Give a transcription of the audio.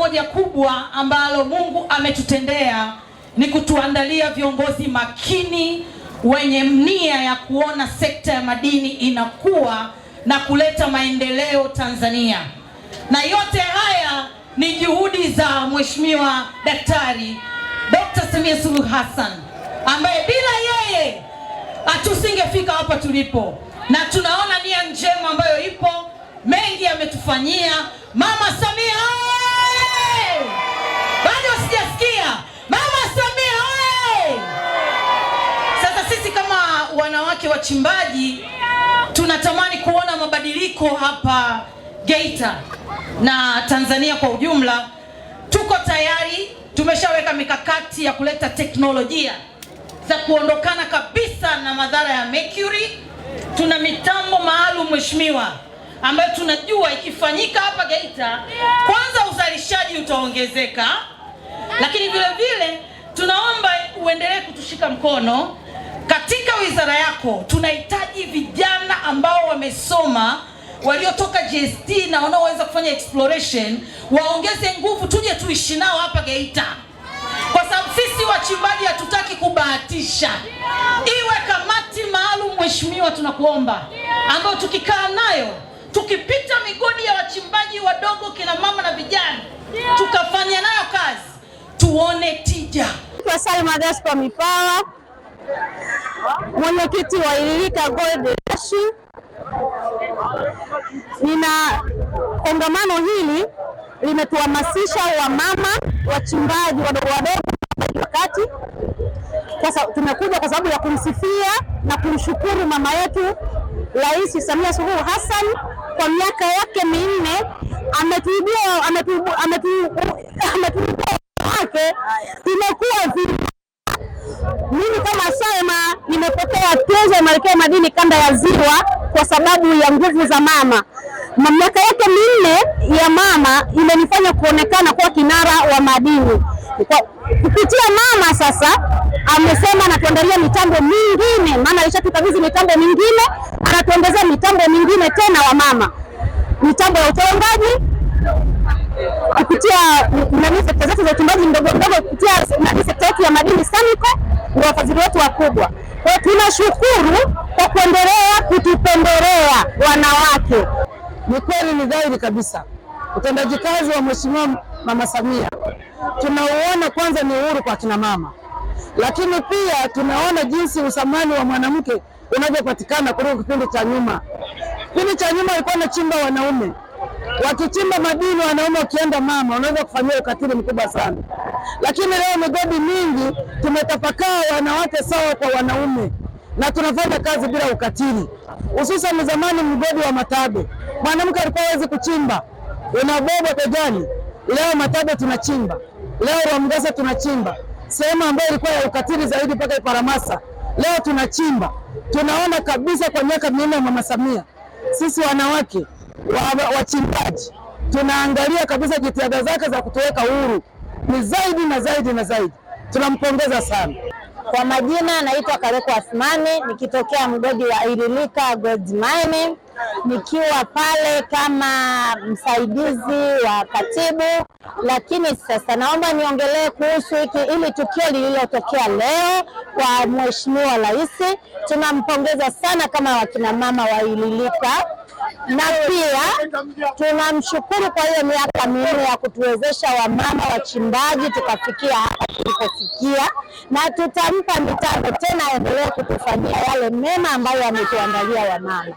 moja kubwa ambalo Mungu ametutendea ni kutuandalia viongozi makini wenye nia ya kuona sekta ya madini inakuwa na kuleta maendeleo Tanzania. Na yote haya ni juhudi za Mheshimiwa Daktari Dr. Samia Suluhu Hassan ambaye bila yeye hatusingefika hapa tulipo, na tunaona nia njema ambayo ipo, mengi ametufanyia Mama Samia wanawake wachimbaji tunatamani kuona mabadiliko hapa Geita na Tanzania kwa ujumla. Tuko tayari, tumeshaweka mikakati ya kuleta teknolojia za kuondokana kabisa na madhara ya mercury. Tuna mitambo maalum mheshimiwa, ambayo tunajua ikifanyika hapa Geita, kwanza uzalishaji utaongezeka, lakini vile vile tunaomba uendelee kutushika mkono wizara yako tunahitaji vijana ambao wamesoma waliotoka GST na wanaoweza kufanya exploration waongeze nguvu, tuje tuishi nao hapa Geita, kwa sababu sisi wachimbaji hatutaki kubahatisha. Iwe kamati maalum, mheshimiwa, tunakuomba ambayo tukikaa nayo tukipita migodi ya wachimbaji wadogo, kina mama na vijana, tukafanya nayo kazi, tuone tija. Salma Gaspar Mipawa mwenyekiti wa Ilirika Gold Rush. Nina kongamano hili limetuhamasisha wamama wachimbaji wadogo wadogo wakati tumekuja kwa sababu ya kumsifia na kumshukuru mama yetu Rais Samia Suluhu Hassan kwa miaka yake minne ametuibia ametuibia wake imekuwa mimi kama nimepokea tuzo ya Malkia Madini Kanda ya Ziwa kwa sababu ya nguvu za mama. Mamlaka yake minne ya mama imenifanya kuonekana kuwa kinara wa madini kupitia mama. Sasa amesema anatuandalia mitambo mingine, maana alishatukabidhi mitambo mingine, anatuongezea mitambo mingine tena wa mama, mitambo ya utongaji kupitia nani, sekta zetu za uchimbaji mdogo mdogo, kupitia sekta yetu ya madini SAMICO, ndio wafadhili wetu wakubwa. Tunashukuru kwa kuendelea kutupendelea wanawake. Ni kweli, ni dhahiri kabisa utendaji kazi wa Mheshimiwa Mama Samia tunauona, kwanza ni uhuru kwa kina mama, lakini pia tunaona jinsi usamani wa mwanamke unavyopatikana kuliko kipindi cha nyuma. Kipindi cha nyuma alikuwa anachimba wanaume Wakichimba madini wanaume, ukienda mama, unaweza kufanyia ukatili mkubwa sana. Lakini leo migodi mingi tumetapakaa wanawake sawa kwa wanaume, na tunafanya kazi bila ukatili. Hususan zamani mgodi wa Matabe, mwanamke alikuwa hawezi kuchimba, unabobwa begani. Leo Matabe tunachimba, leo Rwamgasa tunachimba, sehemu ambayo ilikuwa ya ukatili zaidi mpaka Iparamasa, leo tunachimba. Tunaona kabisa kwa miaka minne ya Mama Samia sisi wanawake wachimbaji tunaangalia kabisa jitihada zake za kutuweka huru ni zaidi na zaidi na zaidi, tunampongeza sana. Kwa majina anaitwa Kareko Asmani nikitokea mgodi wa ililika Gold Mine nikiwa pale kama msaidizi wa katibu. Lakini sasa naomba niongelee kuhusu hiki ili tukio lililotokea leo kwa mheshimiwa rais. Tunampongeza sana kama wakina mama wa Ililika na pia tunamshukuru kwa hiyo miaka minne ya kutuwezesha wamama wachimbaji tukafikia hapa tulipofikia, na tutampa mitano tena aendelee kutufanyia yale mema ambayo ametuandalia wamama.